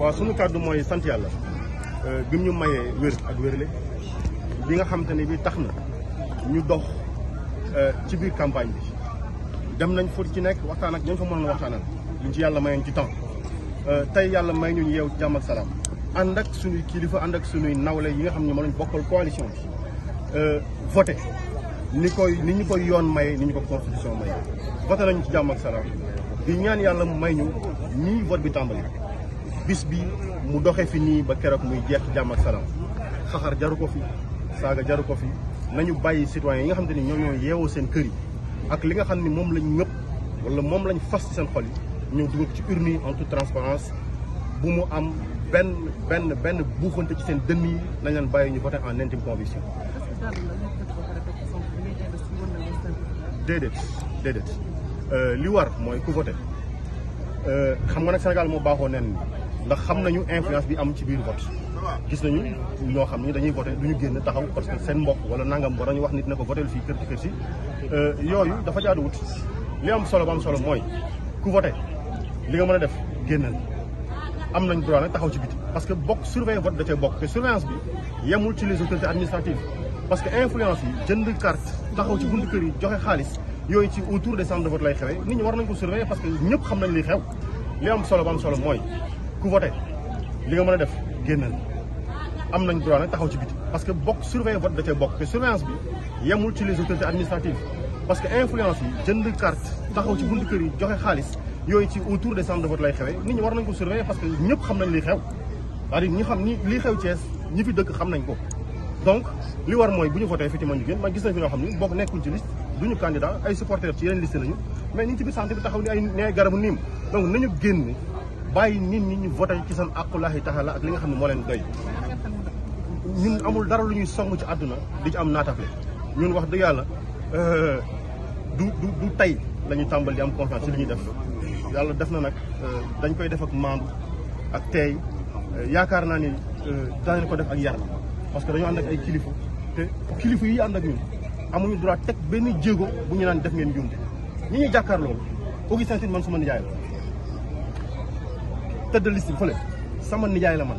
waaw sunu kàddu mooy sant yàlla euh, bi ñu mayee wér ak wérle bi nga xamante ne bi tax na ñu dox euh, ci biir campagne bi dem nañ fóot ci nekk waxtaan ak ñooñu fa mënoon waxtaanal luñ ci yàlla mayoon ci temps euh, tey yàlla may ñu yeew jàmm ak salaam ànd ak suñuy kilifa ànd ak suñuy nawle yi nga xam ne moo lañ bokkal coalition bi ni koy ni ñu koy yoon may ni ñu ko constitution maye voté nañu ci jàmm ak ñaan yàlla mu may ñu nii vote bi tàmbali bis bi mu doxe fi nii ba keroog muy jeex ci jàmm ak salaam xaxar jaru ko fi saaga jaru ko fi nañu bàyyi citoyens yi nga xam ni ñoo ñoo yeewoo seen kër yi ak li nga xam ni moom lañ ñëpp wala moom lañu fas ci seen xol yi ñëw dugal ci urne yi en toute transparence bu mu am benn benn benn buuxante ci seen dënn yi nañ leen bàyyi ñu voté en intime conviction déedéet déedéet euh, li war mooy ku voté euh, xam nga nag Sénégal moo baaxoo nen ndax xam nañu influence bi am ci biir vote gis nañu ñoo xam ni dañuy voté du ñu génn taxaw parce que seen mbokk wala nangam war nañu wax nit ne ko voté fii kër ci kër si euh, yooyu dafa jaaduwut li am solo ba am solo mooy ku voté li nga mën a def génnal am nañ droit nag taxaw ci biti parce que bokk surveiller vote da bokk te surveillance bi yemul ci les autorités administratives parce que influence yi jënd carte taxaw ci buntu kër yi joxe xaalis yooyu ci autour des centres de vote lay xewee nit ñi war nañ ko que ñëpp xam nañ li xew li am solo solo mooy ku voté li nga mën a def génnal am nañ droit nag taxaw ci biti parce que bokk vote bokk te surveillance bi yemul ci parce que influence yi jënd carte taxaw ci buntu kër yi joxe xaalis yooyu ci autour des centres de vote lay xewee nit ñi war nañ ko surveiller parce que ñëpp xam nañ li xew cest à ñi xam ni li xew Thiès ñi fi dëkk xam nañ ko donc li war mooy bu ñu voté effectivement ñu génn man gis nañ fi ñoo xam ni bokk nekkul ci liste duñu candidat ay supporters ci yeneen liste lañu mais ñu ngi biir santé bi taxaw ni ay nee garabu niim donc nañu génn bàyyi nit ñi ñu voté ci seen aqulahi taala ak li nga xam ne moo leen doy ñun amul dara lu ñuy song ci àdduna di ci am naatafle ñun wax dëgg yàlla euh, du du tey lañuy tàmbali di am confiance ci li ñuy def yàlla def na nag euh, dañ koy def ak maandu ak teey euh, yaakaar naa ni daañu ko def ak yar parce que dañoo ànd ak ay kilifa te kilifa yi ànd ak ñun amuñu droit teg benn jéego bu ñu naan def ngeen njuumte ñi ñuy jàkkaar loolu Augustin Tine man suma nijaay la tëdd liste bi fële sama nijaay la man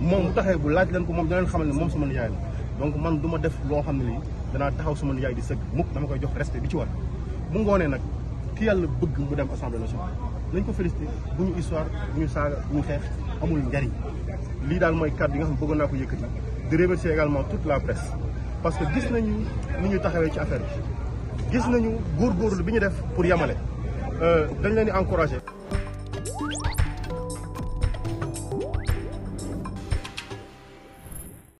moom bu taxee bu laaj leen ko moom dina leen xamal ne moom sama nijaay la donc man duma def loo xam ne lii danaa taxaw suma nijaay di sëgg mukk dama koy jox respect bi ci war bu ngoonee nag ki yàlla bëgg mu dem assemblée nationale nañ ko félicité bu bu ñu saaga bu ñu xeex amul njariñ lii daal mooy kàddu yi xam bëggoon naa ko yëkkati di remercier également toute la presse parce que gis nañu ni ñu taxawee ci affaire bi gis nañu góorgóorlu bi ñu def pour yamale euh, dañ leen di encourager